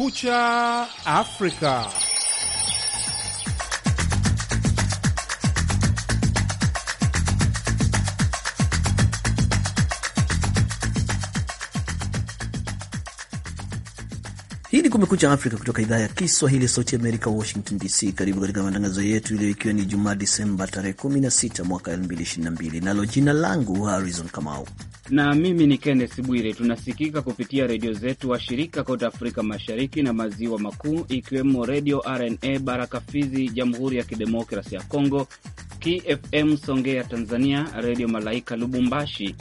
Kumekucha Afrika. Hii ni Kumekucha Afrika kutoka idhaa ya Kiswahili ya Sauti Amerika, Washington DC. Karibu katika matangazo yetu leo, ikiwa ni Jumaa Disemba tarehe 16 mwaka 2022, nalo jina langu Harrison Kamau na mimi ni Kenneth Bwire. Tunasikika kupitia redio zetu washirika kote Afrika Mashariki na Maziwa Makuu, ikiwemo Redio RNA Baraka Fizi, Jamhuri ya Kidemokrasi ya Kongo, KFM Songea Tanzania, Redio Malaika Lubumbashi,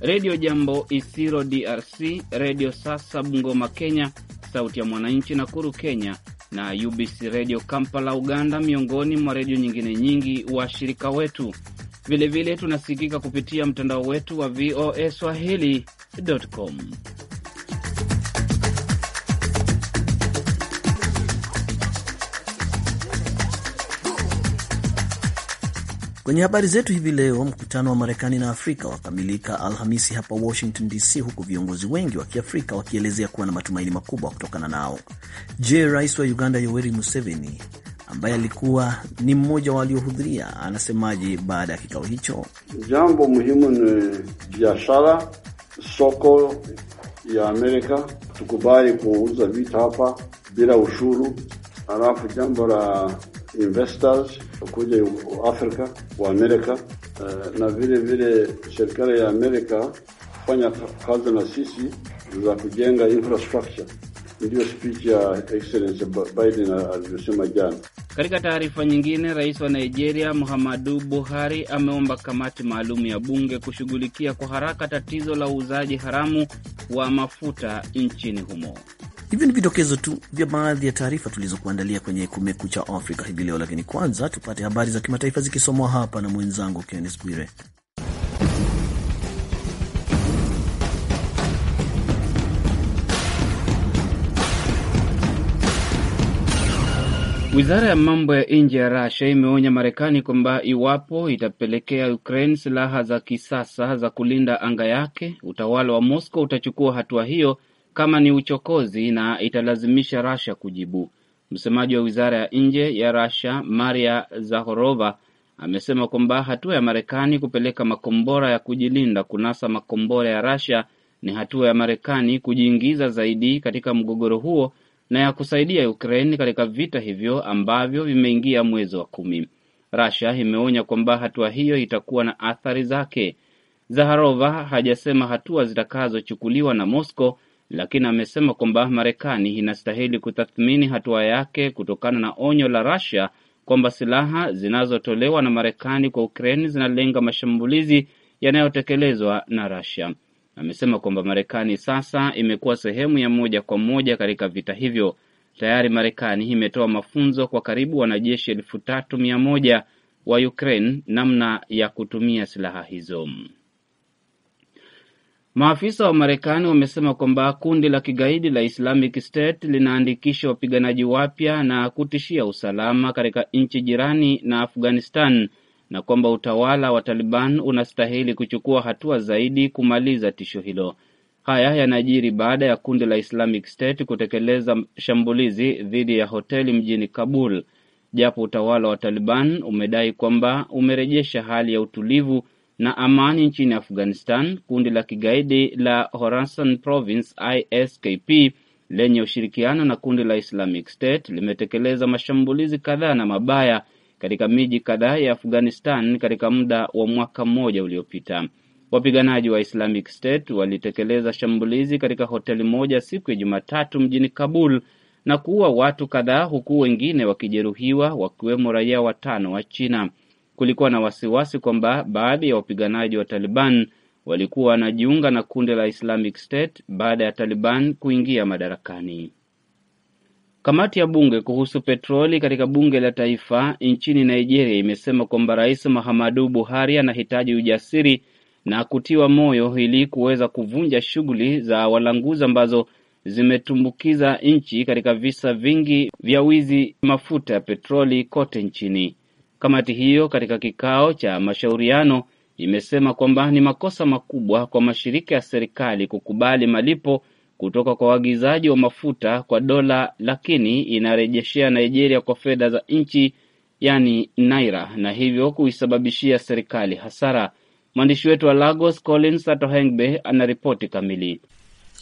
Redio Jambo Isiro DRC, Redio Sasa Bungoma Kenya, Sauti ya Mwananchi Nakuru Kenya na UBC Redio Kampala Uganda, miongoni mwa redio nyingine nyingi washirika wetu. Vilevile tunasikika kupitia mtandao wetu wa VOA Swahili.com. Kwenye habari zetu hivi leo, mkutano wa Marekani na Afrika wakamilika Alhamisi hapa Washington DC, huku viongozi wengi wa Kiafrika wakielezea kuwa na matumaini makubwa kutokana nao. Je, rais wa Uganda Yoweri Museveni ambaye alikuwa ni mmoja waliohudhuria, anasemaje baada ya kikao hicho? Jambo muhimu ni biashara, soko ya Amerika, tukubali kuuza vitu hapa bila ushuru, halafu jambo la investors kuja Afrika wa Amerika, eh, na vile vile serikali ya Amerika kufanya kazi na sisi za kujenga infrastructure ndiyo spichi ya Excellency Biden alivyosema jana. Katika taarifa nyingine, rais wa Nigeria Muhammadu Buhari ameomba kamati maalum ya bunge kushughulikia kwa haraka tatizo la uuzaji haramu wa mafuta nchini humo. Hivyo ni vidokezo tu vya baadhi ya taarifa tulizokuandalia kwenye Kumekucha Afrika hivi leo, lakini kwanza tupate habari za kimataifa zikisomwa hapa na mwenzangu Kennes Bwire. Wizara ya mambo ya nje ya rasha imeonya Marekani kwamba iwapo itapelekea Ukraine silaha za kisasa za kulinda anga yake, utawala wa Moscow utachukua hatua hiyo kama ni uchokozi na italazimisha rasha kujibu. Msemaji wa wizara ya nje ya rasha Maria Zakharova amesema kwamba hatua ya Marekani kupeleka makombora ya kujilinda kunasa makombora ya rasha ni hatua ya Marekani kujiingiza zaidi katika mgogoro huo na ya kusaidia Ukraine katika vita hivyo ambavyo vimeingia mwezi wa kumi. Russia imeonya kwamba hatua hiyo itakuwa na athari zake. Zaharova hajasema hatua zitakazochukuliwa na Moscow, lakini amesema kwamba Marekani inastahili kutathmini hatua yake kutokana na onyo la Russia kwamba silaha zinazotolewa na Marekani kwa Ukraine zinalenga mashambulizi yanayotekelezwa na Russia amesema kwamba Marekani sasa imekuwa sehemu ya moja kwa moja katika vita hivyo. Tayari Marekani imetoa mafunzo kwa karibu wanajeshi elfu tatu mia moja wa Ukraine namna ya kutumia silaha hizo. Maafisa wa Marekani wamesema kwamba kundi la kigaidi la Islamic State linaandikisha wapiganaji wapya na kutishia usalama katika nchi jirani na Afghanistan na kwamba utawala wa Taliban unastahili kuchukua hatua zaidi kumaliza tisho hilo. Haya yanajiri baada ya kundi la Islamic State kutekeleza shambulizi dhidi ya hoteli mjini Kabul. Japo utawala wa Taliban umedai kwamba umerejesha hali ya utulivu na amani nchini Afghanistan, kundi la kigaidi la Khorasan Province ISKP lenye ushirikiano na kundi la Islamic State limetekeleza mashambulizi kadhaa na mabaya katika miji kadhaa ya Afghanistan katika muda wa mwaka mmoja uliopita. Wapiganaji wa Islamic State walitekeleza shambulizi katika hoteli moja siku ya Jumatatu mjini Kabul na kuua watu kadhaa, huku wengine wakijeruhiwa, wakiwemo raia watano wa China. Kulikuwa na wasiwasi kwamba baadhi ya wapiganaji wa Taliban walikuwa wanajiunga na kundi la Islamic State baada ya Taliban kuingia madarakani. Kamati ya bunge kuhusu petroli katika bunge la taifa nchini Nigeria imesema kwamba Rais Muhammadu Buhari anahitaji ujasiri na kutiwa moyo ili kuweza kuvunja shughuli za walanguzi ambazo zimetumbukiza nchi katika visa vingi vya wizi mafuta ya petroli kote nchini. Kamati hiyo katika kikao cha mashauriano imesema kwamba ni makosa makubwa kwa mashirika ya serikali kukubali malipo kutoka kwa waagizaji wa mafuta kwa dola lakini inarejeshea Nigeria kwa fedha za nchi yani naira na hivyo kuisababishia serikali hasara. Mwandishi wetu wa Lagos Collins Atohengbe anaripoti kamili.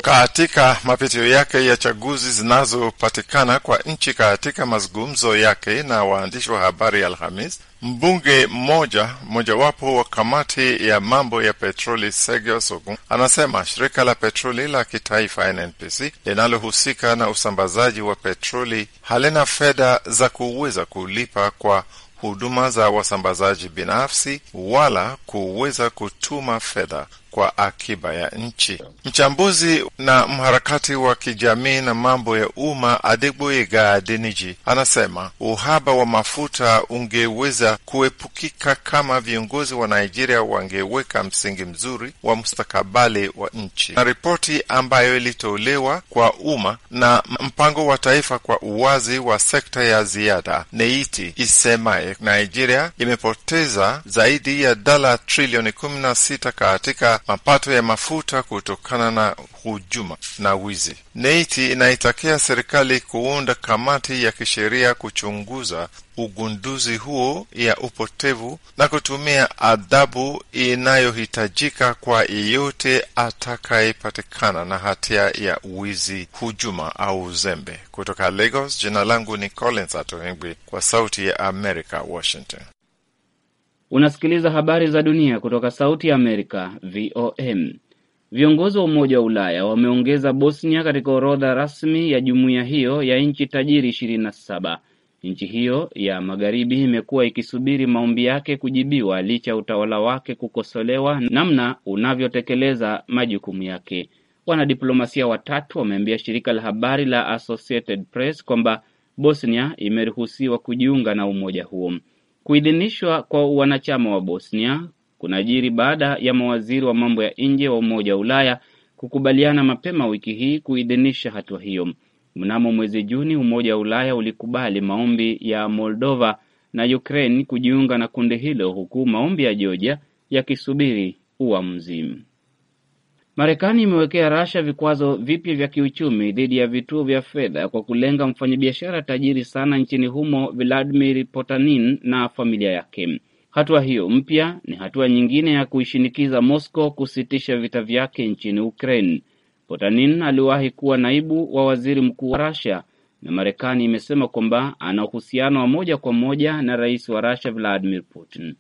Katika mapitio yake ya chaguzi zinazopatikana kwa nchi, katika mazungumzo yake na waandishi wa habari Alhamis, mbunge mmoja mojawapo wa kamati ya mambo ya petroli Segio Sogun anasema shirika la petroli la kitaifa NNPC linalohusika na usambazaji wa petroli halina fedha za kuweza kulipa kwa huduma za wasambazaji binafsi wala kuweza kutuma fedha kwa akiba ya nchi. Mchambuzi na mharakati wa kijamii na mambo ya umma Adegboyega Adeniji anasema uhaba wa mafuta ungeweza kuepukika kama viongozi wa Nigeria wangeweka msingi mzuri wa mustakabali wa nchi. Na ripoti ambayo ilitolewa kwa umma na mpango wa taifa kwa uwazi wa sekta ya ziada neiti isemaye Nigeria imepoteza zaidi ya dola trilioni kumi na sita katika mapato ya mafuta kutokana na hujuma na wizi. Neiti inaitakia serikali kuunda kamati ya kisheria kuchunguza ugunduzi huo ya upotevu na kutumia adhabu inayohitajika kwa yeyote atakayepatikana na hatia ya wizi, hujuma au uzembe. Kutoka Lagos, jina langu ni Collins atohengwi kwa Sauti ya America, Washington. Unasikiliza habari za dunia kutoka Sauti ya Amerika, VOM. Viongozi wa Umoja wa Ulaya wameongeza Bosnia katika orodha rasmi ya jumuiya hiyo ya nchi tajiri 27. Nchi hiyo ya magharibi imekuwa ikisubiri maombi yake kujibiwa licha ya utawala wake kukosolewa namna unavyotekeleza majukumu yake. Wanadiplomasia watatu wameambia shirika la habari la Associated Press kwamba Bosnia imeruhusiwa kujiunga na umoja huo. Kuidhinishwa kwa wanachama wa Bosnia kunajiri baada ya mawaziri wa mambo ya nje wa Umoja wa Ulaya kukubaliana mapema wiki hii kuidhinisha hatua hiyo. Mnamo mwezi Juni, Umoja wa Ulaya ulikubali maombi ya Moldova na Ukraine kujiunga na kundi hilo, huku maombi ya Georgia yakisubiri uamuzi. Marekani imewekea Rasha vikwazo vipya vya kiuchumi dhidi ya vituo vya fedha kwa kulenga mfanyabiashara tajiri sana nchini humo Vladimir Potanin na familia yake. Hatua hiyo mpya ni hatua nyingine ya kuishinikiza Moscow kusitisha vita vyake nchini Ukraine. Potanin aliwahi kuwa naibu wa waziri mkuu wa rasia na Marekani imesema kwamba ana uhusiano wa moja kwa moja na rais wa Rasia Vladimir Putin.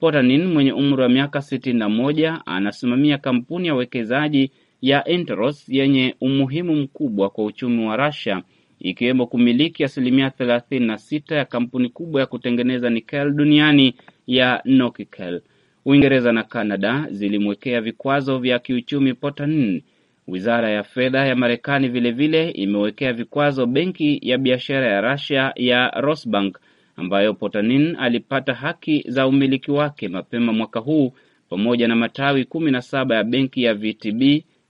Potanin mwenye umri wa miaka sitini na moja anasimamia kampuni ya uwekezaji ya Enteros yenye umuhimu mkubwa kwa uchumi wa Russia ikiwemo kumiliki asilimia thelathini na sita ya kampuni kubwa ya kutengeneza nikel duniani ya Nokikel. Uingereza na Kanada zilimwekea vikwazo vya kiuchumi Potanin. Wizara ya fedha ya Marekani vilevile imewekea vikwazo benki ya biashara ya Russia ya Rosbank ambayo Potanin alipata haki za umiliki wake mapema mwaka huu pamoja na matawi kumi na saba ya benki ya VTB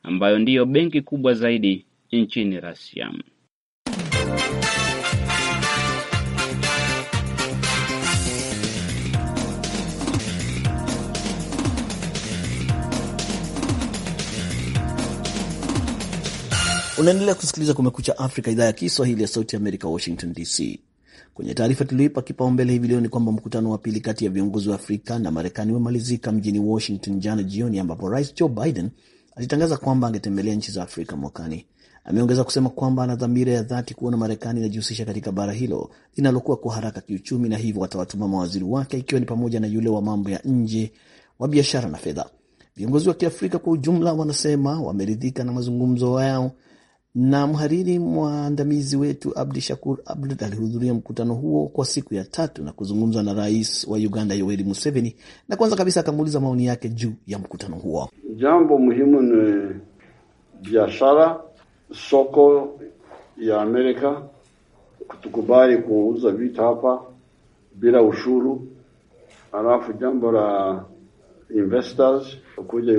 ambayo ndiyo benki kubwa zaidi nchini Rasia. Unaendelea kusikiliza Kumekucha Afrika, idhaa ya Kiswahili ya Sauti ya Amerika, Washington DC. Kwenye taarifa tuliyoipa kipaumbele hivi leo ni kwamba mkutano wa pili kati ya viongozi wa Afrika na Marekani umemalizika mjini Washington jana jioni, ambapo Rais Joe Biden alitangaza kwamba angetembelea nchi za Afrika mwakani. Ameongeza kusema kwamba ana dhamira ya dhati kuona Marekani inajihusisha katika bara hilo linalokuwa kwa haraka kiuchumi, na hivyo atawatuma mawaziri wake, ikiwa ni pamoja na yule wa mambo ya nje, wa biashara na fedha. Viongozi wa Kiafrika kwa ujumla wanasema wameridhika na mazungumzo yao na mhariri mwandamizi wetu Abdi Shakur Abud alihudhuria mkutano huo kwa siku ya tatu na kuzungumza na rais wa Uganda Yoweri Museveni, na kwanza kabisa akamuuliza maoni yake juu ya mkutano huo. Jambo muhimu ni biashara, soko ya Amerika kutukubali kuuza vitu hapa bila ushuru, alafu jambo la investors kuja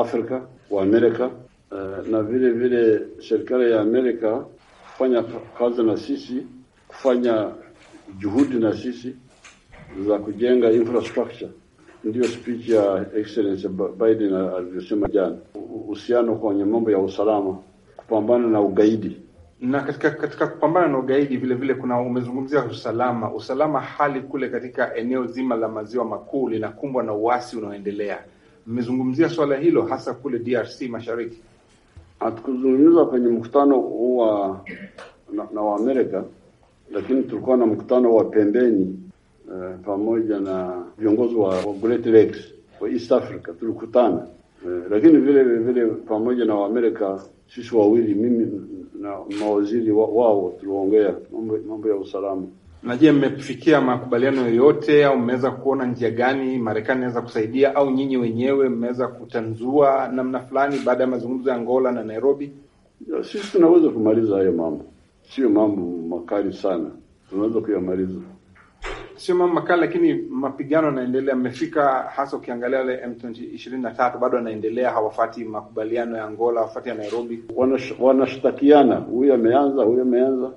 Afrika wa Amerika Eh, na vile vile serikali ya Amerika kufanya kazi na sisi, kufanya juhudi na sisi za kujenga infrastructure. Ndiyo speech ya Excellency Biden alivyosema jana, uhusiano kwenye mambo ya usalama, kupambana na ugaidi na katika katika kupambana na ugaidi vile vile, kuna umezungumzia usalama. Usalama hali kule katika eneo zima la maziwa makuu linakumbwa na uasi unaoendelea. Mmezungumzia swala hilo hasa kule DRC mashariki hatukuzungumza kwenye mkutano wa na, na wa Amerika, lakini tulikuwa na mkutano wa pembeni eh, pamoja na viongozi wa, wa Great Lakes wa East Africa tulikutana eh, lakini vile vile pamoja na Waamerika sisi wawili, mimi na mawaziri wao wa, tuliongea mambo ya usalama. Na je, mmefikia makubaliano yoyote au mmeweza kuona njia gani Marekani inaweza kusaidia au nyinyi wenyewe mmeweza kutanzua namna fulani baada ya mazungumzo ya Angola na Nairobi? Sisi tunaweza kumaliza hayo mambo, sio mambo makali sana, tunaweza kuyamaliza. Sio mambo makali, lakini mapigano yanaendelea. Mmefika hasa ukiangalia ile M23 bado anaendelea hawafati makubaliano ya Angola, hawafati ya Nairobi, wanashtakiana, huyu ameanza, huyu ameanza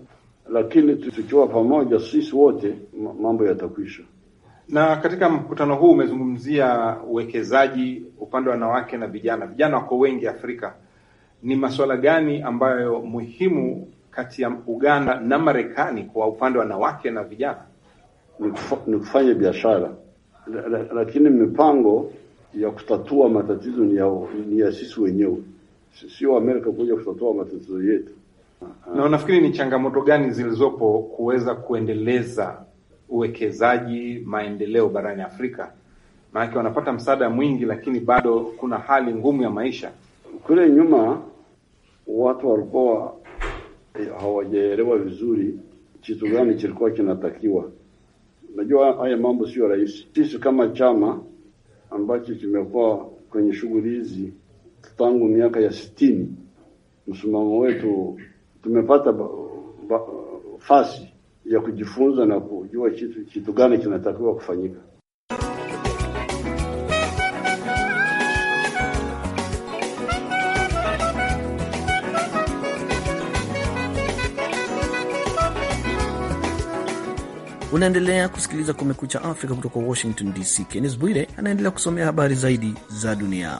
lakini tukiwa pamoja sisi wote mambo yatakwisha. Na katika mkutano huu umezungumzia uwekezaji upande wa wanawake na vijana. Vijana wako wengi Afrika. Ni masuala gani ambayo muhimu kati ya Uganda na Marekani kwa upande wa wanawake na vijana? Ni kufanya biashara, lakini mipango ya kutatua matatizo ni ya, ni ya sisi wenyewe, sio Amerika kuja kutatua matatizo yetu. Uh-huh. Na unafikiri ni changamoto gani zilizopo kuweza kuendeleza uwekezaji maendeleo barani Afrika? Maanake wanapata msaada mwingi, lakini bado kuna hali ngumu ya maisha. Kule nyuma watu walikuwa eh, hawajaelewa vizuri kitu gani kilikuwa kinatakiwa. Najua haya mambo sio rahisi. Sisi kama chama ambacho kimekuwa kwenye shughuli hizi tangu miaka ya sitini, msimamo wetu tumepata fasi ya kujifunza na kujua kitu, kitu gani kinatakiwa kufanyika. Unaendelea kusikiliza Kumekucha Afrika kutoka Washington DC. Kennes Bwire anaendelea kusomea habari zaidi za dunia.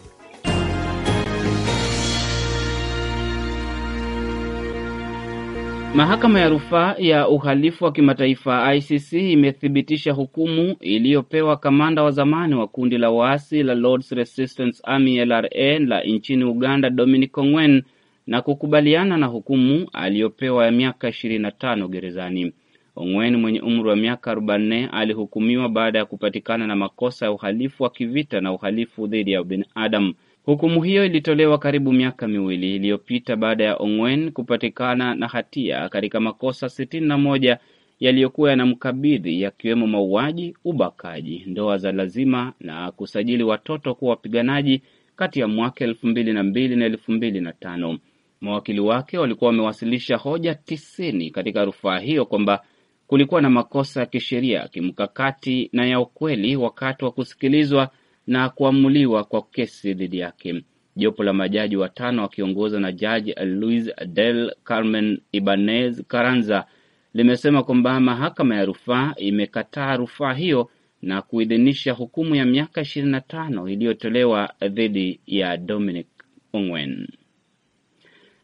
Mahakama ya Rufaa ya Uhalifu wa Kimataifa ICC imethibitisha hukumu iliyopewa kamanda wa zamani wa kundi la waasi la Lords Resistance Army LRA la nchini Uganda Dominic Ongwen na kukubaliana na hukumu aliyopewa ya miaka 25 gerezani. Ongwen mwenye umri wa miaka 44 alihukumiwa baada ya kupatikana na makosa ya uhalifu wa kivita na uhalifu dhidi ya binadamu. Hukumu hiyo ilitolewa karibu miaka miwili iliyopita baada ya Ongwen kupatikana na hatia katika makosa sitini na moja yaliyokuwa yanamkabidhi yakiwemo mauaji, ubakaji, ndoa za lazima na kusajili watoto kuwa wapiganaji kati ya mwaka elfu mbili na mbili na elfu mbili na tano. Mawakili wake walikuwa wamewasilisha hoja tisini katika rufaa hiyo kwamba kulikuwa na makosa ya kisheria, kimkakati na ya ukweli wakati wa kusikilizwa na kuamuliwa kwa kesi dhidi yake. Jopo la majaji watano wakiongozwa na jaji Luis del Carmen Ibanez Carranza limesema kwamba mahakama ya rufaa imekataa rufaa hiyo na kuidhinisha hukumu ya miaka 25 iliyotolewa dhidi ya Dominic Ongwen.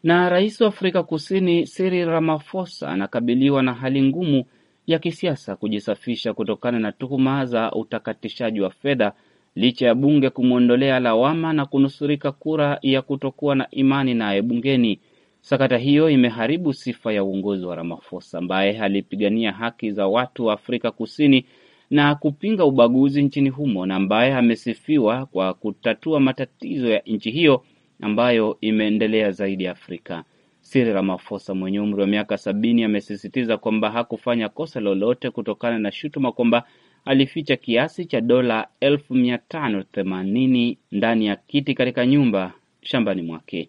Na rais wa Afrika Kusini Cyril Ramaphosa anakabiliwa na hali ngumu ya kisiasa kujisafisha kutokana na tuhuma za utakatishaji wa fedha licha ya bunge kumwondolea lawama na kunusurika kura ya kutokuwa na imani naye bungeni. Sakata hiyo imeharibu sifa ya uongozi wa Ramaphosa ambaye alipigania haki za watu wa Afrika Kusini na kupinga ubaguzi nchini humo na ambaye amesifiwa kwa kutatua matatizo ya nchi hiyo ambayo imeendelea zaidi Afrika. siri ramafosa mwenye umri wa miaka sabini amesisitiza kwamba hakufanya kosa lolote kutokana na shutuma kwamba alificha kiasi cha dola elfu mia tano themanini ndani ya kiti katika nyumba shambani mwake.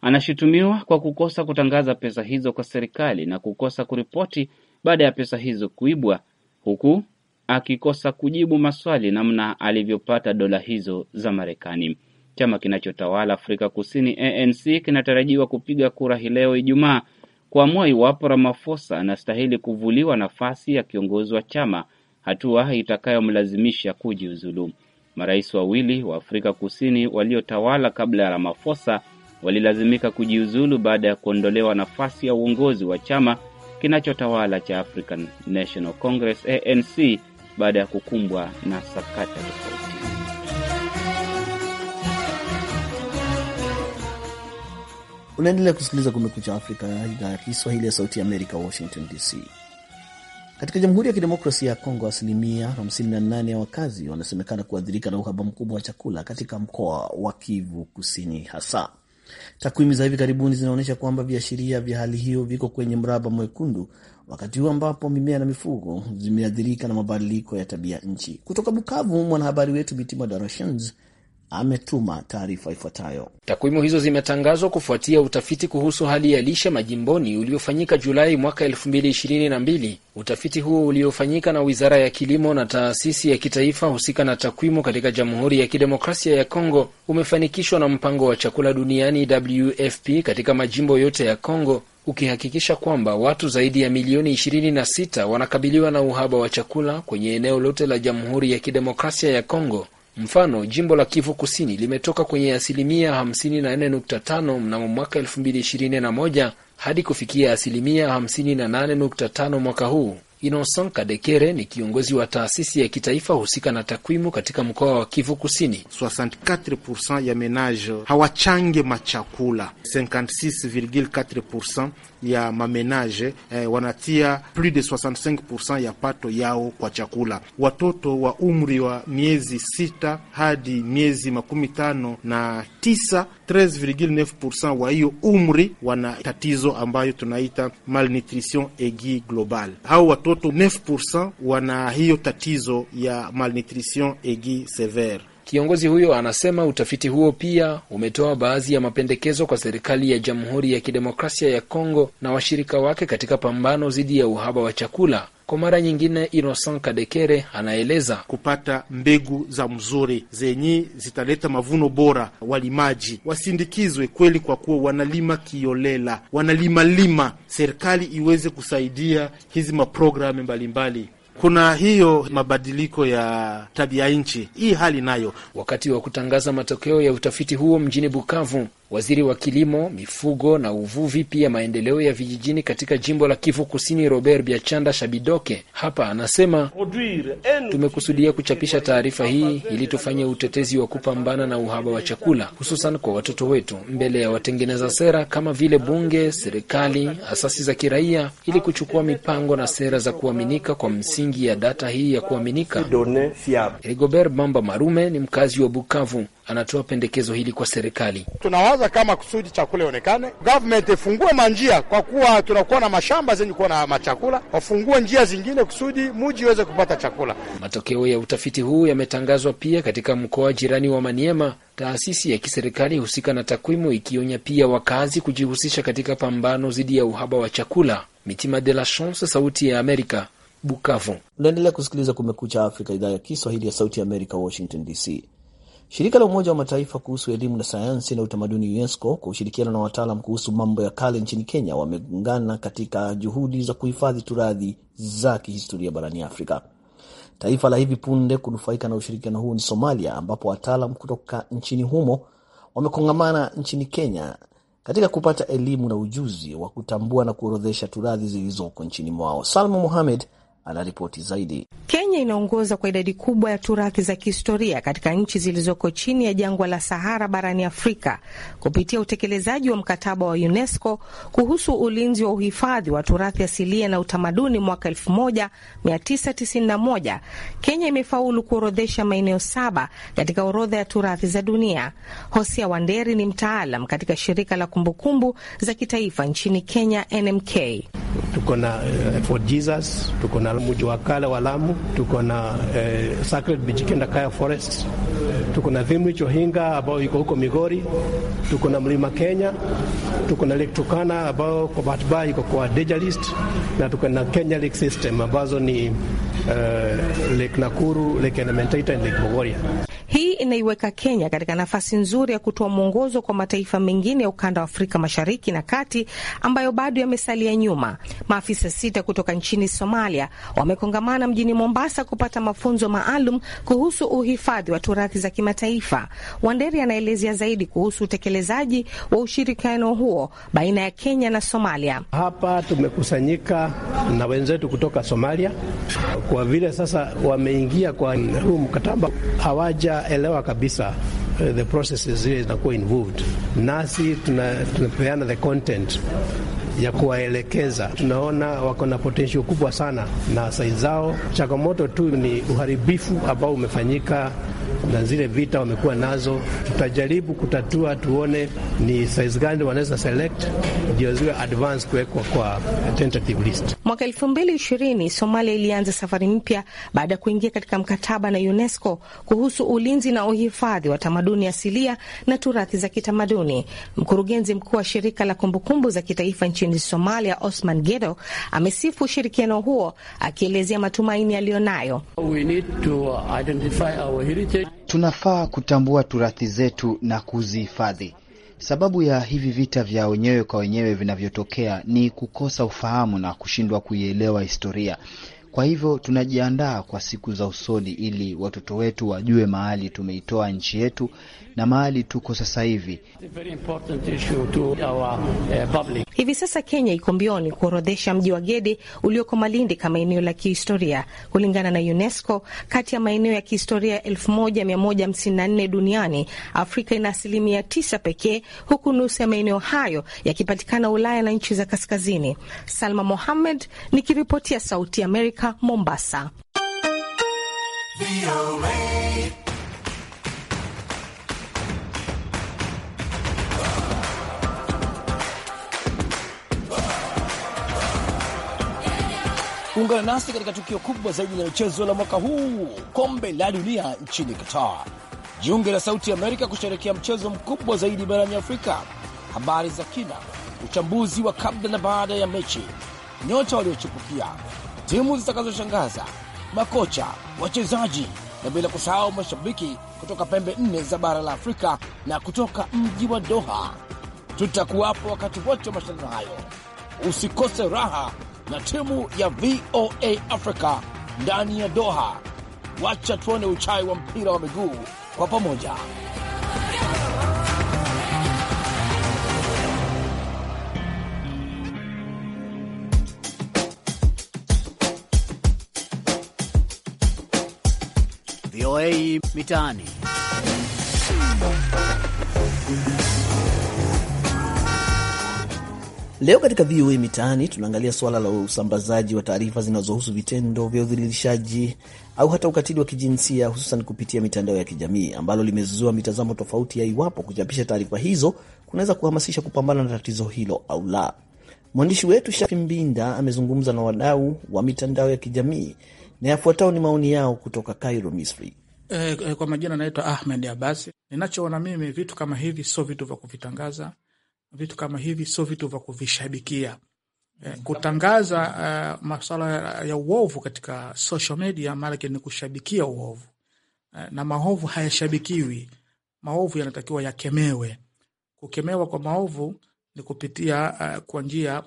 Anashutumiwa kwa kukosa kutangaza pesa hizo kwa serikali na kukosa kuripoti baada ya pesa hizo kuibwa, huku akikosa kujibu maswali namna alivyopata dola hizo za Marekani. Chama kinachotawala Afrika Kusini ANC kinatarajiwa kupiga kura hii leo Ijumaa kuamua iwapo ramafosa anastahili kuvuliwa nafasi ya kiongozi wa chama hatua itakayomlazimisha kujiuzulu. Marais wawili wa Afrika Kusini waliotawala kabla ya ramafosa walilazimika kujiuzulu baada ya kuondolewa nafasi ya uongozi wa chama kinachotawala cha African National Congress ANC baada ya kukumbwa na sakata tofauti. Unaendelea kusikiliza Kumekucha Afrika, idhaa ya Kiswahili ya Sauti ya Amerika, Washington DC. Katika Jamhuri ya Kidemokrasia ya Kongo, asilimia 58 ya wakazi wanasemekana kuathirika na uhaba mkubwa wa chakula katika mkoa wa Kivu Kusini hasa. Takwimu za hivi karibuni zinaonyesha kwamba viashiria vya hali hiyo viko kwenye mraba mwekundu, wakati huu ambapo mimea na mifugo zimeathirika na mabadiliko ya tabia nchi. Kutoka Bukavu, mwanahabari wetu Bitima Darashans ametuma taarifa ifuatayo. Takwimu hizo zimetangazwa kufuatia utafiti kuhusu hali ya lishe majimboni uliofanyika Julai mwaka elfu Utafiti huo uliofanyika na Wizara ya Kilimo na taasisi ya kitaifa husika na takwimu katika Jamhuri ya Kidemokrasia ya Kongo umefanikishwa na Mpango wa Chakula Duniani WFP katika majimbo yote ya Kongo ukihakikisha kwamba watu zaidi ya milioni 26 wanakabiliwa na uhaba wa chakula kwenye eneo lote la Jamhuri ya Kidemokrasia ya Kongo. Mfano, jimbo la Kivu Kusini limetoka kwenye asilimia 54.5 mnamo mwaka 2021 hadi kufikia asilimia 58.5 mwaka huu. Innocent Kadekere ni kiongozi wa taasisi ya kitaifa husika na takwimu katika mkoa wa Kivu Kusini. 64% ya menage hawachange machakula, 56.4% ya mamenaje eh, wanatia plus de 65% ya pato yao kwa chakula. Watoto wa umri wa miezi sita hadi miezi makumi tano na tisa 13,9% wa hiyo umri wana tatizo ambayo tunaita malnutrition aiguë global. Hao watoto 9% wana hiyo tatizo ya malnutrition aiguë severe. Kiongozi huyo anasema utafiti huo pia umetoa baadhi ya mapendekezo kwa serikali ya Jamhuri ya Kidemokrasia ya Kongo na washirika wake katika pambano dhidi ya uhaba wa chakula. Kwa mara nyingine, Innocent Kadekere anaeleza kupata mbegu za mzuri zenye zitaleta mavuno bora. Walimaji wasindikizwe kweli, kwa kuwa wanalima kiolela, wanalimalima. Serikali iweze kusaidia hizi maprogramu mbalimbali kuna hiyo mabadiliko ya tabia nchi, hii hali nayo. Wakati wa kutangaza matokeo ya utafiti huo mjini Bukavu, waziri wa kilimo, mifugo na uvuvi, pia maendeleo ya vijijini katika jimbo la Kivu Kusini, Robert Biachanda Shabidoke, hapa anasema tumekusudia kuchapisha taarifa hii ili tufanye utetezi wa kupambana na uhaba wa chakula, hususan kwa watoto wetu, mbele ya watengeneza sera kama vile bunge, serikali, asasi za kiraia, ili kuchukua mipango na sera za kuaminika kwa msingi misingi ya data hii ya kuaminika. Rigobert bamba Marume ni mkazi wa Bukavu, anatoa pendekezo hili kwa serikali. Tunawaza kama kusudi chakula ionekane, government ifungue manjia, kwa kuwa tunakuwa na mashamba zenye kuwa na machakula, wafungue njia zingine kusudi muji iweze kupata chakula. Matokeo ya utafiti huu yametangazwa pia katika mkoa jirani wa Maniema, taasisi ya kiserikali husika na takwimu ikionya pia wakazi kujihusisha katika pambano dhidi ya uhaba wa chakula. Mitima de la Chance, Sauti ya Amerika, Bukavu. Unaendelea kusikiliza Kumekucha Afrika, idhaa ya Kiswahili ya Sauti ya Amerika, Washington DC. Shirika la Umoja wa Mataifa kuhusu elimu na sayansi na utamaduni UNESCO kwa ushirikiano na wataalam kuhusu mambo ya kale nchini Kenya wameungana katika juhudi za kuhifadhi turathi za kihistoria barani Afrika. Taifa la hivi punde kunufaika na ushirikiano huu ni Somalia, ambapo wataalam kutoka nchini humo wamekongamana nchini Kenya katika kupata elimu na ujuzi wa kutambua na kuorodhesha turathi zilizoko nchini mwao. Salma Mohamed anaripoti zaidi. Kenya inaongoza kwa idadi kubwa ya turathi za kihistoria katika nchi zilizoko chini ya jangwa la Sahara barani Afrika kupitia utekelezaji wa mkataba wa UNESCO kuhusu ulinzi wa uhifadhi wa turathi asilia na utamaduni mwaka 1991. Kenya imefaulu kuorodhesha maeneo saba katika orodha ya turathi za dunia. Hosia Wanderi ni mtaalam katika shirika la kumbukumbu za kitaifa nchini Kenya, NMK. Tuko na, uh, Fort Jesus, tuko na mji wa kale wa Lamu, tuko na eh, Sacred Mijikenda Kaya Forest, tuko na Thimrich Ohinga ambayo iko huko Migori, tuko na Mlima Kenya, tuko na Lake Turkana ambayo kwa bahati mbaya iko kwa danger list, na tuko na Kenya Lake System ambazo ni uh, Lake Nakuru, Lake Elementaita na Lake Bogoria. Hii inaiweka Kenya katika nafasi nzuri ya kutoa mwongozo kwa mataifa mengine ya ukanda wa Afrika Mashariki na Kati ambayo bado yamesalia ya nyuma. Maafisa sita kutoka nchini Somalia wamekongamana mjini Mombasa kupata mafunzo maalum kuhusu uhifadhi wa turathi za kimataifa. Wanderi anaelezea zaidi kuhusu utekelezaji wa ushirikiano huo baina ya Kenya na Somalia. Hapa tumekusanyika na wenzetu kutoka Somalia, kwa vile sasa wameingia kwa huu mkataba, hawajaelewa kabisa eh, the processes zile zinakuwa involved, nasi tunapeana tuna the content ya kuwaelekeza. Tunaona wako na potential kubwa sana na sai zao. Changamoto tu ni uharibifu ambao umefanyika na zile vita wamekuwa nazo. Tutajaribu kutatua, tuone ni saizi gani wanaweza select ndio ziwe advance kuwekwa kwa tentative list. Mwaka elfu mbili ishirini Somalia ilianza safari mpya baada ya kuingia katika mkataba na UNESCO kuhusu ulinzi na uhifadhi wa tamaduni asilia na turathi za kitamaduni. Mkurugenzi mkuu wa shirika la kumbukumbu za kitaifa nchini nchini Somalia, Osman Gedo, amesifu ushirikiano huo akielezea matumaini yaliyonayo. Tunafaa kutambua turathi zetu na kuzihifadhi. Sababu ya hivi vita vya wenyewe kwa wenyewe vinavyotokea ni kukosa ufahamu na kushindwa kuielewa historia. Kwa hivyo tunajiandaa kwa siku za usoni, ili watoto wetu wajue mahali tumeitoa nchi yetu na mahali tuko sasa hivi. Eh, hivi sasa Kenya iko mbioni kuorodhesha mji wa Gedi ulioko Malindi kama eneo la kihistoria kulingana na UNESCO. Kati ya maeneo ya kihistoria 1154 duniani, Afrika ina asilimia tisa pekee, huku nusu ya maeneo hayo yakipatikana Ulaya na nchi za kaskazini. Salma Mohammed nikiripotia Sauti Amerika, Mombasa. Ungana nasi katika tukio kubwa zaidi la michezo la mwaka huu, kombe la dunia nchini Qatar. Jiunge la Sauti Amerika kusherekea mchezo mkubwa zaidi barani Afrika. Habari za kina, uchambuzi wa kabla na baada ya mechi, nyota waliochipukia, timu zitakazoshangaza, makocha, wachezaji na bila kusahau mashabiki kutoka pembe nne za bara la Afrika na kutoka mji wa Doha. Tutakuwapo wakati wote wa mashindano hayo. Usikose raha na timu ya VOA Africa ndani ya Doha. Wacha tuone uchai wa mpira wa miguu kwa pamoja. VOA Mitaani. Leo katika VOA Mitaani tunaangalia suala la usambazaji wa taarifa zinazohusu vitendo vya udhalilishaji au hata ukatili wa kijinsia hususan kupitia mitandao ya kijamii, ambalo limezua mitazamo tofauti ya iwapo kuchapisha taarifa hizo kunaweza kuhamasisha kupambana na tatizo hilo au la. Mwandishi wetu Shafi Mbinda amezungumza na wadau wa mitandao ya kijamii na yafuatao ni maoni yao kutoka Cairo, Misri. E, e, kwa majina naitwa Ahmed Abasi. Ninachoona mimi vitu kama hivi sio vitu vya kuvitangaza vitu kama hivi sio vitu vya kuvishabikia. Eh, kutangaza uh, eh, masuala ya uovu katika social media maanake ni kushabikia uovu eh, na maovu hayashabikiwi. Maovu yanatakiwa yakemewe. Kukemewa kwa maovu ni kupitia uh, kwa njia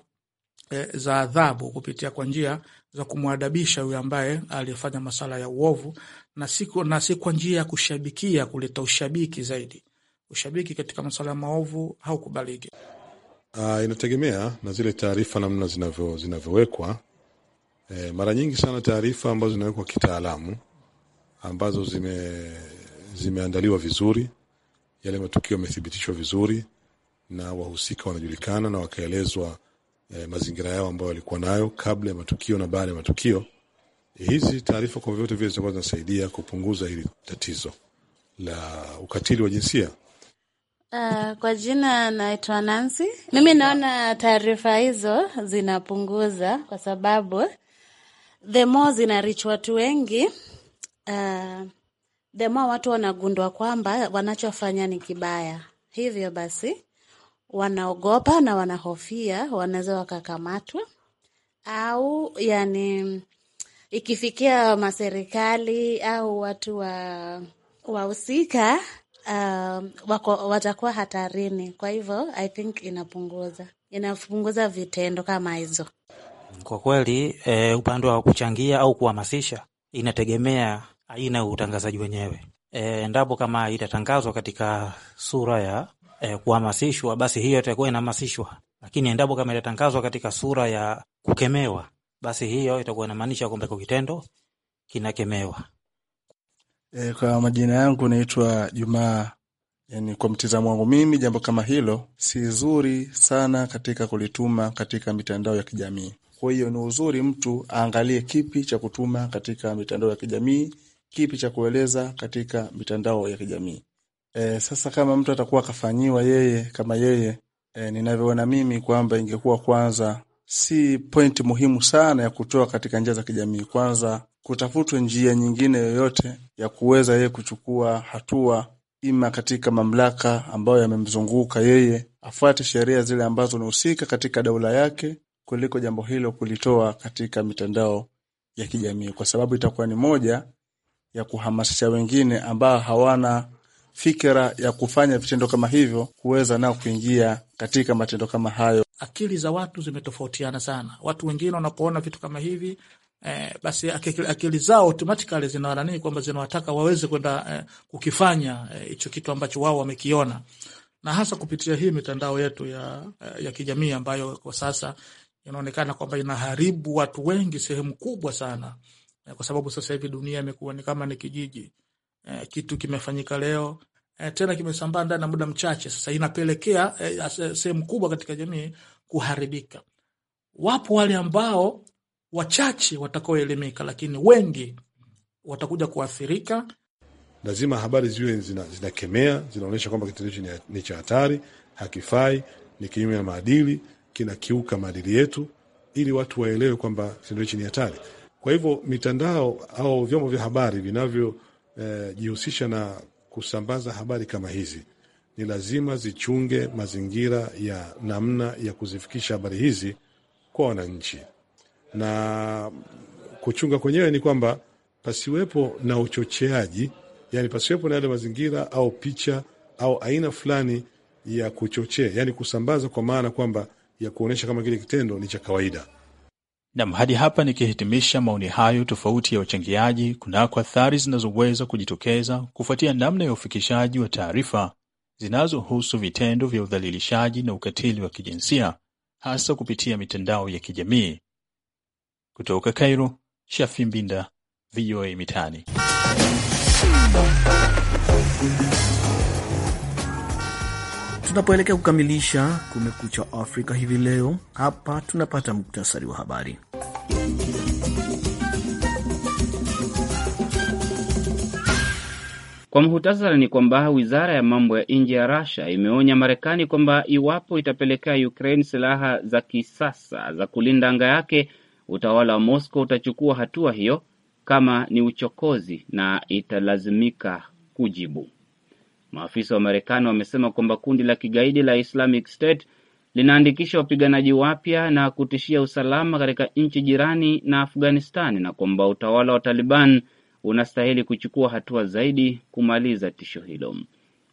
uh, za adhabu, kupitia kwa njia za kumwadabisha yule ambaye aliyefanya masuala ya uovu, na si na si kwa njia ya kushabikia, kuleta ushabiki zaidi ushabiki katika masuala maovu haukubaliki. Uh, inategemea na zile taarifa namna zinavyowekwa. E, mara nyingi sana taarifa ambazo zinawekwa kitaalamu ambazo zime, zimeandaliwa vizuri, yale matukio yamethibitishwa vizuri na wahusika wanajulikana na wakaelezwa e, mazingira yao ambayo walikuwa nayo kabla ya matukio na baada ya matukio. E, hizi taarifa kwa vyovyote vile zinakuwa zinasaidia kupunguza hili tatizo la ukatili wa jinsia. Uh, kwa jina naitwa Nancy. Mimi naona taarifa hizo zinapunguza kwa sababu the more zinarich watu wengi uh, the more watu wanagundua kwamba wanachofanya ni kibaya, hivyo basi wanaogopa na wanahofia wanaweza wakakamatwa au yani ikifikia maserikali au watu wa wahusika uh, wako, watakuwa hatarini. Kwa hivyo I think inapunguza inapunguza vitendo kama hizo. Kwa kweli e, upande wa kuchangia au kuhamasisha inategemea aina ya utangazaji wenyewe. Eh, endapo kama itatangazwa katika sura ya e, kuhamasishwa, basi hiyo itakuwa inahamasishwa, lakini endapo kama itatangazwa katika sura ya kukemewa, basi hiyo itakuwa inamaanisha kwamba kwa kitendo kinakemewa. E, kwa majina yangu naitwa Jumaa. Yani, kwa mtizamo wangu mimi jambo kama hilo si zuri sana katika kulituma katika mitandao ya kijamii. Kwa hiyo ni uzuri mtu aangalie kipi cha kutuma katika mitandao ya kijamii, kipi cha kueleza katika mitandao ya kijamii. E, sasa kama mtu atakuwa akafanyiwa yeye kama yeye e, ninavyoona mimi kwamba ingekuwa kwanza si pointi muhimu sana ya kutoa katika njia za kijamii. Kwanza kutafutwe njia nyingine yoyote ya kuweza yeye kuchukua hatua, ima katika mamlaka ambayo yamemzunguka yeye, afuate sheria zile ambazo unahusika katika daula yake, kuliko jambo hilo kulitoa katika mitandao ya kijamii, kwa sababu itakuwa ni moja ya kuhamasisha wengine ambao hawana fikira ya kufanya vitendo kama hivyo kuweza nao kuingia katika matendo kama hayo. Akili za watu zimetofautiana sana. Watu wengine wanapoona vitu kama hivi eh, basi akili, akili zao automatically zinawananii kwamba zinawataka waweze kwenda eh, kukifanya eh, hicho eh, kitu ambacho wao wamekiona, na hasa kupitia hii mitandao yetu ya, eh, ya kijamii ambayo kwa sasa inaonekana kwamba inaharibu watu wengi sehemu kubwa sana eh, kwa sababu sasa hivi dunia imekuwa ni kama ni kijiji eh, kitu kimefanyika leo eh, tena kimesambaa ndani ya muda mchache. Sasa inapelekea eh, sehemu kubwa katika jamii kuharibika. Wapo wale ambao wachache watakaoelimika, lakini wengi watakuja kuathirika. Lazima habari ziwe zinakemea, zina zinaonyesha kwamba kitendo hichi ni cha hatari, hakifai, ni kinyume na maadili, kinakiuka maadili yetu, ili watu waelewe kwamba kitendo hichi ni hatari. Kwa hivyo mitandao au vyombo vya habari vinavyojihusisha eh, na kusambaza habari kama hizi ni lazima zichunge mazingira ya namna ya kuzifikisha habari hizi kwa wananchi na kuchunga kwenyewe ni kwamba pasiwepo na uchocheaji, yani pasiwepo na yale mazingira au picha au aina fulani ya kuchochea, yani kusambaza, kwa maana kwamba ya kuonyesha kama kile kitendo ni cha kawaida. Nam, hadi hapa nikihitimisha maoni hayo tofauti ya wachangiaji kunako athari zinazoweza kujitokeza kufuatia namna ya ufikishaji wa taarifa zinazohusu vitendo vya udhalilishaji na ukatili wa kijinsia hasa kupitia mitandao ya kijamii. Kutoka Cairo, Shafi Mbinda, VOA Mitaani. Tunapoelekea kukamilisha Kumekucha Afrika hivi leo, hapa tunapata muktasari wa habari. Kwa muhtasari ni kwamba wizara ya mambo ya nje ya Russia imeonya Marekani kwamba iwapo itapelekea Ukraine silaha za kisasa za kulinda anga yake utawala wa Moscow utachukua hatua hiyo kama ni uchokozi na italazimika kujibu. Maafisa wa Marekani wamesema kwamba kundi la kigaidi la Islamic State linaandikisha wapiganaji wapya na kutishia usalama katika nchi jirani na Afghanistani na kwamba utawala wa Taliban unastahili kuchukua hatua zaidi kumaliza tisho hilo.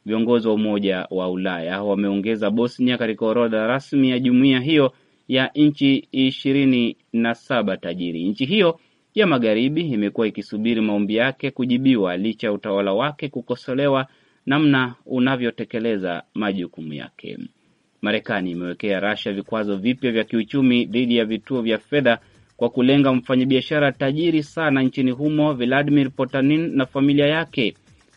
Viongozi wa Umoja wa Ulaya wameongeza Bosnia katika orodha rasmi ya jumuiya hiyo ya nchi ishirini na saba tajiri. Nchi hiyo ya magharibi imekuwa ikisubiri maombi yake kujibiwa licha ya utawala wake kukosolewa namna unavyotekeleza majukumu yake. Marekani imewekea Rasha vikwazo vipya vya kiuchumi dhidi ya vituo vya fedha kwa kulenga mfanyabiashara tajiri sana nchini humo Vladimir Potanin na familia yake.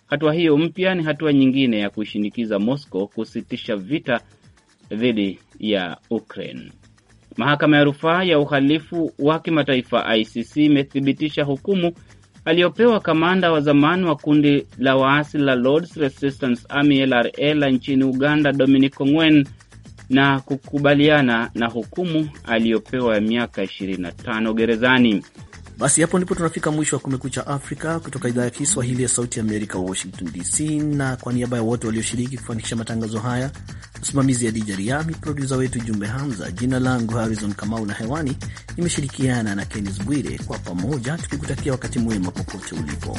Hatua hiyo mpya ni hatua nyingine ya kuishinikiza Moscow kusitisha vita dhidi ya Ukraine. Mahakama ya Rufaa ya Uhalifu wa Kimataifa ICC imethibitisha hukumu aliyopewa kamanda wa zamani wa kundi la waasi la Lords Resistance Army LRA la nchini Uganda Dominic Ongwen na kukubaliana na hukumu aliyopewa ya miaka 25 gerezani. Basi hapo ndipo tunafika mwisho wa Kumekucha Afrika kutoka idhaa ya Kiswahili ya Sauti ya Amerika, Washington DC. Na kwa niaba ya wote walioshiriki kufanikisha matangazo haya, msimamizi ya Dija Riami, produsa wetu Jumbe Hamza, jina langu Harrison Kamau na hewani nimeshirikiana na Kennes Bwire, kwa pamoja tukikutakia wakati mwema popote ulipo.